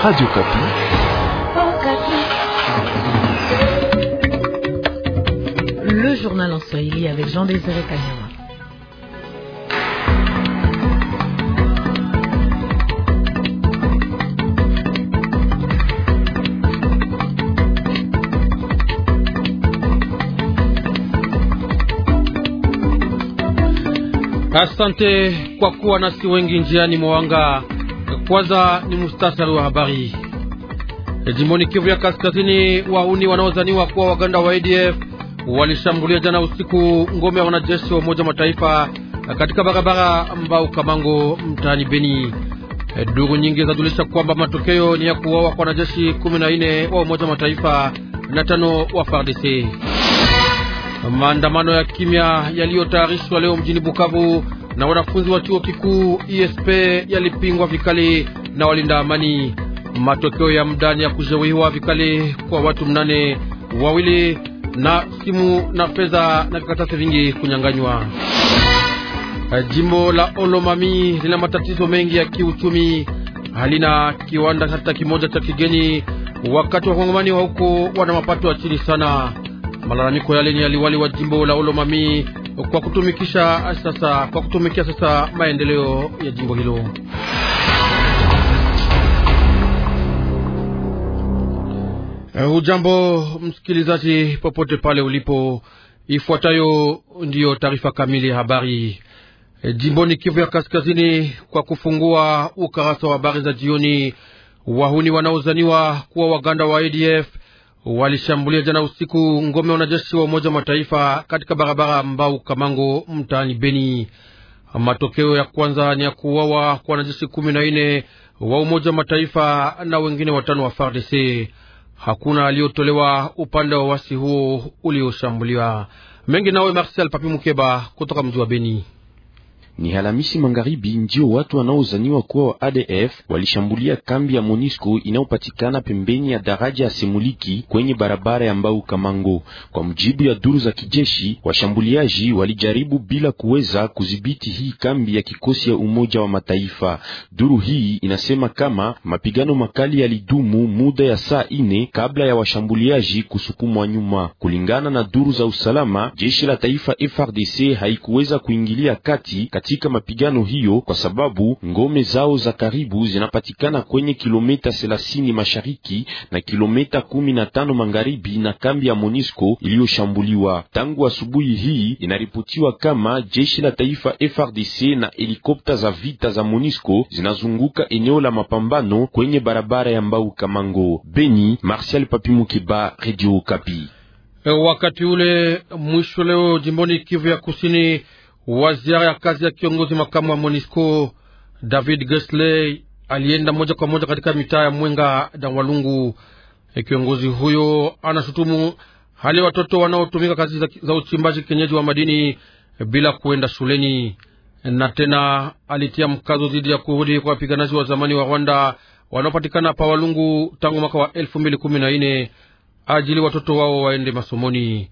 Radio Kapi. Le journal en Swahili avec Jean-Désiré Kanyama. Asante kwa kuwa nasi wengi njiani mwanga Kwanza ni mustasari wa habari. E, jimboni Kivu ya Kaskazini, wahuni wanaozaniwa kuwa waganda wa ADF walishambulia jana usiku ngome ya wanajeshi wa Umoja Mataifa katika barabara Mbau Kamango mtaani Beni. E, duru nyingi zajulisha kwamba matokeo ni ya kuuawa kwa wanajeshi kumi na nne wa Umoja Mataifa na tano wa FARDC. Maandamano ya kimya yaliyotayarishwa leo mjini Bukavu na wanafunzi wa chuo kikuu ISP e yalipingwa vikali na walinda amani. Matokeo ya mdani ya kujeruhiwa vikali kwa watu mnane, wawili na simu na fedha na vikaratasi vingi kunyanganywa. Jimbo la Olomami lina matatizo mengi ya kiuchumi, halina kiwanda hata kimoja cha kigeni, wakati wakongomani wa huko wana mapato ya chini sana. Malalamiko yale ni yaliwali wa jimbo la Olomami kwa kutumikisha sasa, kwa kutumikia sasa maendeleo ya jimbo hilo. Hujambo eh, msikilizaji, popote pale ulipo, ifuatayo ndiyo taarifa kamili ya habari. Eh, jimboni Kivu ya Kaskazini, kwa kufungua ukarasa wa habari za jioni, wahuni wanaozaniwa kuwa waganda wa ADF walishambulia jana usiku ngome wanajeshi wa Umoja wa Mataifa katika barabara Mbau Kamango mtaani Beni. Matokeo ya kwanza ni ya kuuawa kwa wanajeshi kumi na nne wa Umoja wa Mataifa na wengine watano wa FARDC. Hakuna aliyotolewa upande wa wasi huo ulioshambuliwa. Mengi nawe Marcel Papi Mukeba kutoka mji wa Beni. Ni Halamisi magharibi ndio watu wanaozaniwa kuwa wa ADF walishambulia kambi ya Monisco inayopatikana pembeni ya daraja ya Semuliki kwenye barabara ya Mbau Kamango. Kwa mujibu ya duru za kijeshi, washambuliaji walijaribu bila kuweza kudhibiti hii kambi ya kikosi ya Umoja wa Mataifa. Duru hii inasema kama mapigano makali yalidumu muda ya saa ine kabla ya washambuliaji kusukumwa nyuma. Kulingana na duru za usalama, jeshi la taifa frdc haikuweza kuingilia kati kati katika mapigano hiyo, kwa sababu ngome zao za karibu zinapatikana kwenye kilomita 30 mashariki na kilomita 15 magharibi na kambi ya Monisco iliyoshambuliwa tangu asubuhi hii. Inaripotiwa kama jeshi la taifa FRDC na helikopta za vita za Monisco zinazunguka eneo la mapambano kwenye barabara ya Mbau Kamango. Beni, Martial Papi Radio Kapi. Wakati ule mwisho leo jimboni Kivu ya Kusini wa ziara ya kazi ya kiongozi makamu wa MONUSCO David Gesley alienda moja kwa moja katika mitaa ya Mwenga na Walungu. E, kiongozi huyo anashutumu hali ya watoto wanaotumika kazi za, za uchimbaji kienyeji wa madini bila kuenda shuleni na tena alitia mkazo dhidi ya kurudi kwa wapiganaji wa zamani wa Rwanda wanaopatikana pa Walungu tangu mwaka wa elfu mbili kumi na nne ajili watoto wao waende masomoni.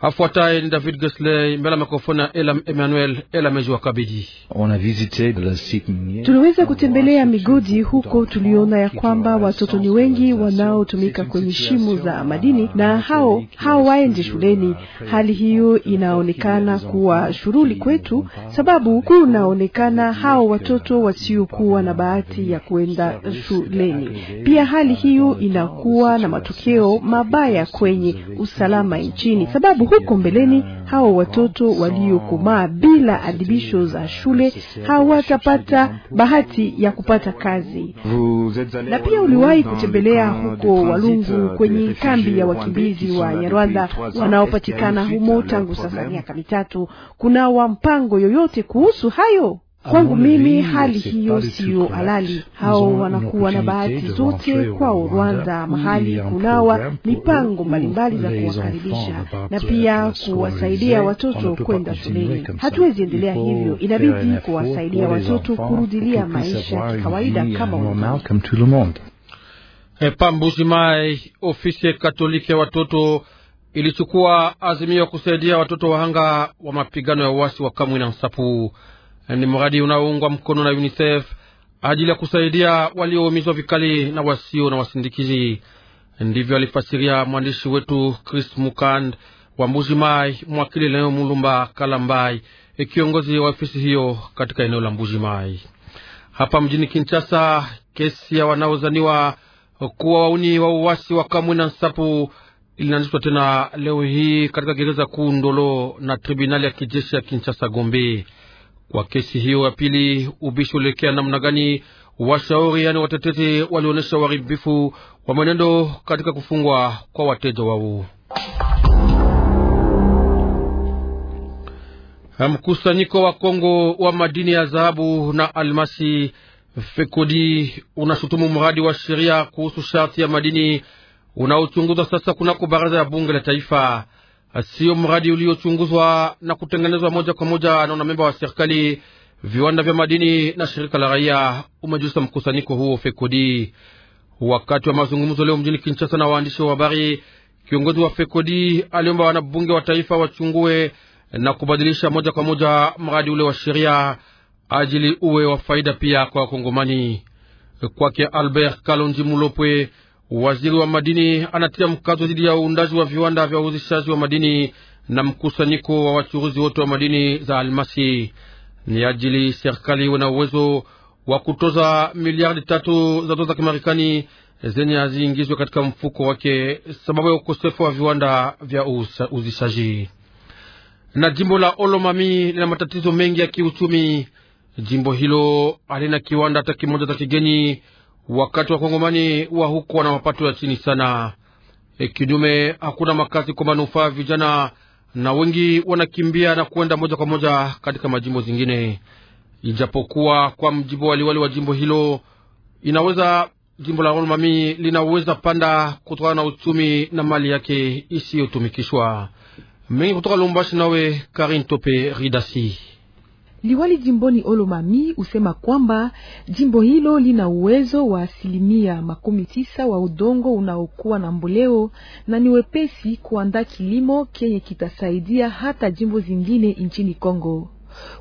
Afuataye ni David Gosley mbele mikrofoni ya Elam Emmanuel Elameji wa Kabedi. Tuliweza kutembelea migodi huko, tuliona ya kwamba watoto ni wengi wanaotumika kwenye shimo za euh, madini na hao hawaende shuleni. Hali hiyo inaonekana kuwa shuruli kwetu, sababu kunaonekana hao watoto wasiokuwa na bahati ya kuenda shuleni. Pia hali hiyo inakuwa na matokeo mabaya kwenye usalama nchini, sababu huko mbeleni hao watoto waliokomaa bila adhibisho za shule hawatapata bahati ya kupata kazi. Na pia uliwahi kutembelea huko Walungu kwenye kambi ya wakimbizi wa Nyarwanda wanaopatikana humo tangu sasa miaka mitatu. Kuna wa mpango yoyote kuhusu hayo? Kwangu mimi hali hiyo siyo halali. Hao wanakuwa na bahati zote kwao Rwanda, mahali kunawa mipango mbalimbali za kuwakaribisha na pia kuwasaidia watoto kwenda shuleni. Hatuwezi endelea hivyo, inabidi kuwasaidia watoto kurudilia maisha ya kawaida kama eh, Pambuzi Mai, eh, ofisi ya Katoliki ya watoto ilichukua azimio kusaidia watoto wahanga wa mapigano ya uasi wa Kamwina Nsapu ni mradi unaoungwa mkono na UNICEF ajili ya kusaidia walioumizwa vikali na wasio na wasindikizi. Ndivyo alifasiria mwandishi wetu Chris Mukand wa Mbuji Mai, mwakili leo Mulumba Kalambai, kiongozi wa ofisi hiyo katika eneo la Mbuji Mai. Hapa mjini Kinshasa, kesi ya wanaozaniwa kuwa wauni wa uwasi wa Kamwina Nsapu ilianzishwa tena leo hii katika gereza kuu Ndolo na tribunali ya kijeshi ya Kinshasa Gombe. Kwa kesi hiyo ya pili, ubishi ulielekea namna gani? Washauri yani watetezi walionyesha uharibifu wa mwenendo katika kufungwa kwa wateja wao. Mkusanyiko wa Kongo wa madini ya dhahabu na almasi FEKODI unashutumu mradi wa sheria kuhusu sharti ya madini unaochunguzwa sasa kunako baraza ya bunge la taifa siyo mradi uliochunguzwa na kutengenezwa moja kwa moja na wanamemba wa serikali, viwanda vya madini na shirika la raia, umejulisha mkusanyiko huo FEKODI wakati wa mazungumzo leo mjini Kinshasa na waandishi wa habari. Kiongozi wa FEKODI aliomba wanabunge wa taifa wachungue na kubadilisha moja kwa moja mradi ule wa sheria ajili uwe wa faida pia kwa Wakongomani. Kwake Albert Kalonji Mulopwe Waziri wa madini anatia mkazo dhidi ya uundaji wa viwanda vya uuzishaji wa madini na mkusanyiko wa wachuruzi wote wa madini za almasi. Ni ajili serikali wana uwezo wa kutoza miliardi tatu za dola za Kimarekani zenye haziingizwe katika mfuko wake sababu ya ukosefu wa viwanda vya uzishaji. Na jimbo la Olomami lina matatizo mengi ya kiuchumi. Jimbo hilo halina kiwanda hata kimoja cha kigeni wakati kongomani wa huko wana mapato ya chini sana. E, kinyume hakuna makazi kwa manufaa vijana, na wengi wanakimbia na kuenda moja kwa moja katika majimbo zingine, ijapokuwa kwa mjibu waliwali wa jimbo hilo inaweza jimbo la Lomami linaweza panda kutokana na uchumi na mali yake isiyotumikishwa mengi kutoka lumbashi Nawe Karin Tope Ridasi. Liwali jimboni Olomami usema kwamba jimbo hilo lina uwezo wa asilimia makumi tisa wa udongo unaokuwa na mboleo na ni wepesi kuandaa kilimo kenye kitasaidia hata jimbo zingine nchini Kongo.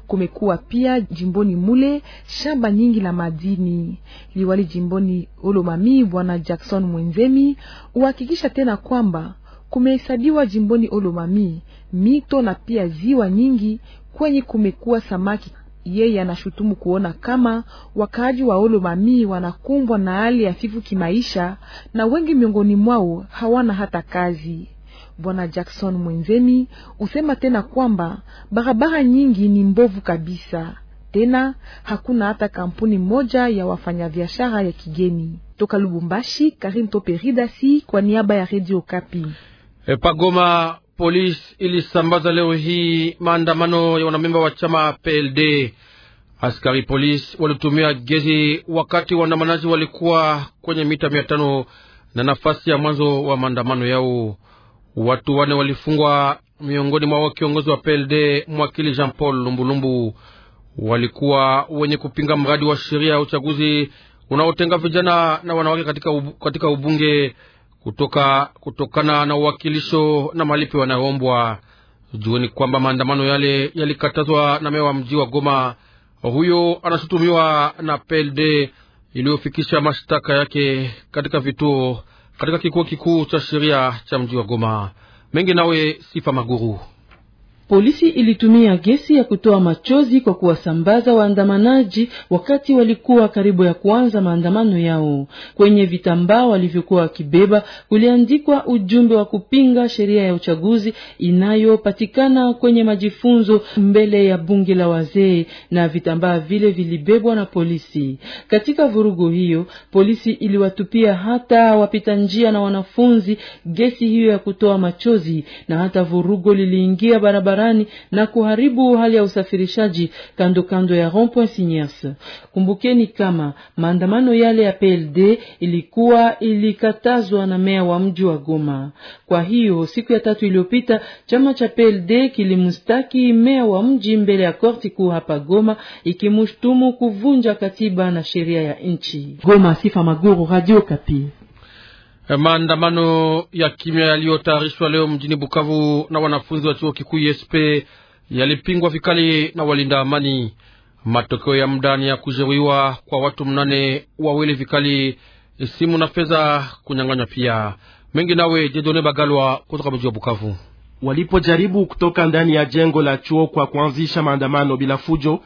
Kumekuwa pia jimboni mule shamba nyingi la madini. Liwali jimboni Olomami Bwana Jackson Mwenzemi uhakikisha tena kwamba kumehesabiwa jimboni Olomami mito na pia ziwa nyingi kwenye kumekuwa samaki. Yeye anashutumu kuona kama wakaaji wa Olomami wanakumbwa na hali fifu kimaisha na wengi miongoni mwao hawana hata kazi. Bwana Jackson mwenzemi usema tena kwamba barabara nyingi ni mbovu kabisa, tena hakuna hata kampuni moja ya wafanyabiashara ya kigeni. Toka Lubumbashi, Karim Toperidasi kwa niaba ya redio Kapi. E, Pagoma polisi ilisambaza leo hii maandamano ya wanamemba wa chama PLD. Askari polisi walitumia gezi wakati waandamanaji walikuwa kwenye mita mia tano na nafasi ya mwanzo wa maandamano yao. Watu wane walifungwa, miongoni mwa kiongozi wa PLD mwakili Jean Paul Lumbulumbu. Walikuwa wenye kupinga mradi wa sheria ya uchaguzi unaotenga vijana na wanawake katika, ubu, katika ubunge kutoka kutokana na uwakilisho na malipo yanayoombwa. Jueni kwamba maandamano yale yalikatazwa na mewa wa mji wa Goma. Huyo anashutumiwa na PLD iliyofikisha mashtaka yake katika vituo katika kikuo kikuu cha sheria cha mji wa Goma. Mengi nawe Sifa Maguru. Polisi ilitumia gesi ya kutoa machozi kwa kuwasambaza waandamanaji wakati walikuwa karibu ya kuanza maandamano yao. Kwenye vitambaa walivyokuwa wakibeba kuliandikwa ujumbe wa kupinga sheria ya uchaguzi inayopatikana kwenye majifunzo mbele ya bunge la wazee, na vitambaa vile vilibebwa na polisi. Katika vurugu hiyo, polisi iliwatupia hata wapita njia na wanafunzi gesi hiyo ya kutoa machozi, na hata vurugo liliingia barabara barabarani na kuharibu hali ya usafirishaji kando kando ya rond-point Kumbukeni kama maandamano yale ya PLD ilikuwa ilikatazwa na meya wa mji wa Goma. Kwa hiyo siku ya tatu iliyopita, chama cha PLD kilimstaki meya wa mji mbele ya korti kuu hapa Goma, ikimshutumu kuvunja katiba na sheria ya nchi. Goma, Sifa Maguru, Radio Kapi. Eh, maandamano ya kimya yaliyotayarishwa leo mjini Bukavu na wanafunzi wa chuo kikuu ISP yalipingwa vikali na walinda amani. Matokeo ya ni ya kujeruhiwa kwa watu mnane, wawili vikali, simu na fedha kunyang'anywa pia mengi. Nawe Jedone Bagalwa kutoka mji wa Bukavu. Walipojaribu kutoka ndani ya jengo la chuo kwa kuanzisha maandamano bila fujo,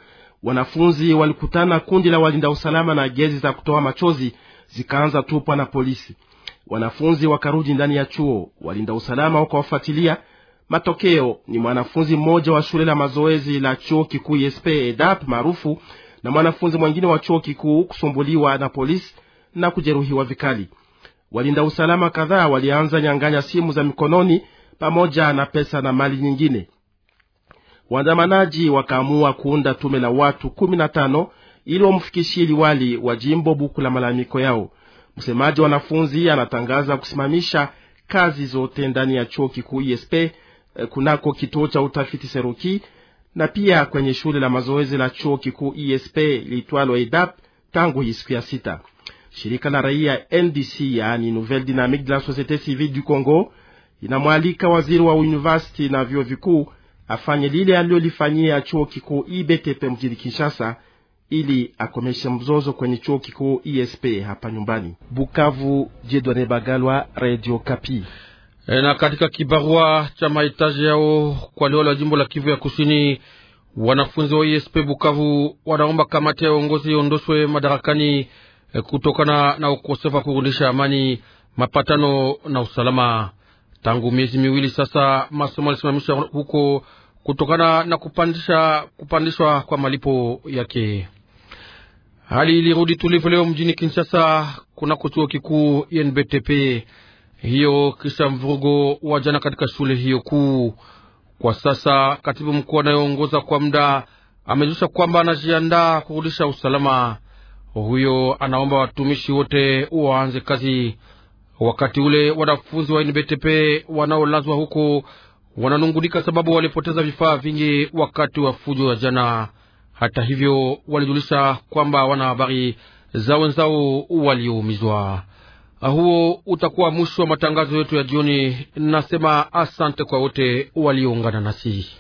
wanafunzi walikutana kundi la walinda usalama na gezi za kutoa machozi zikaanza tupwa na polisi. Wanafunzi wakarudi ndani ya chuo, walinda usalama wakawafuatilia. Matokeo ni mwanafunzi mmoja wa shule la mazoezi la chuo kikuu sp EDAP maarufu na mwanafunzi mwengine wa chuo kikuu kusumbuliwa na polisi na kujeruhiwa vikali. Walinda usalama kadhaa walianza nyang'anya simu za mikononi pamoja na pesa na mali nyingine. Waandamanaji wakaamua kuunda tume la watu kumi na tano ili wamfikishie liwali wa jimbo buku la malalamiko yao. Msemaji wa wanafunzi anatangaza kusimamisha kazi zote ndani ya chuo kikuu esp eh, kunako kituo cha utafiti Seruki na pia kwenye shule la mazoezi la chuo kikuu esp liitwalo EDAP tangu hii siku ya sita. Shirika la raia NDC, yaani Nouvelle Dynamique de la Société Civile du Congo, inamwalika waziri wa university na vyuo vikuu afanye lile alilolifanyia chuo kikuu IBTP mjini Kinshasa ili akomeshe mzozo kwenye chuo kikuu ESP hapa nyumbani. Bukavu, Jedwane Bagalwa, Radio Kapi. E, Na katika kibarua cha mahitaji yao kwa leo la jimbo la Kivu ya Kusini, wanafunzi wa ESP Bukavu wanaomba kamati ya uongozi iondoshwe madarakani e, kutokana na ukosefu wa kurudisha amani, mapatano na usalama. Tangu miezi miwili sasa, masomo yalisimamishwa huko kutokana na kupandisha kupandishwa kwa malipo yake. Hali ilirudi tulivu leo mjini Kinshasa kuna chuo kikuu INBTP, hiyo kisha mvurugo wa jana katika shule hiyo kuu. Kwa sasa katibu mkuu anayeongoza kwa muda amezusha kwamba anajiandaa kurudisha usalama. Huyo anaomba watumishi wote waanze kazi. Wakati ule wanafunzi wa NBTP wanaolazwa huko wananungunika sababu walipoteza vifaa vingi wakati wa fujo ya jana. Hata hivyo walijulisha kwamba wana habari za wenzao walioumizwa. Huo utakuwa mwisho wa matangazo yetu ya jioni. Nasema asante kwa wote walioungana nasi.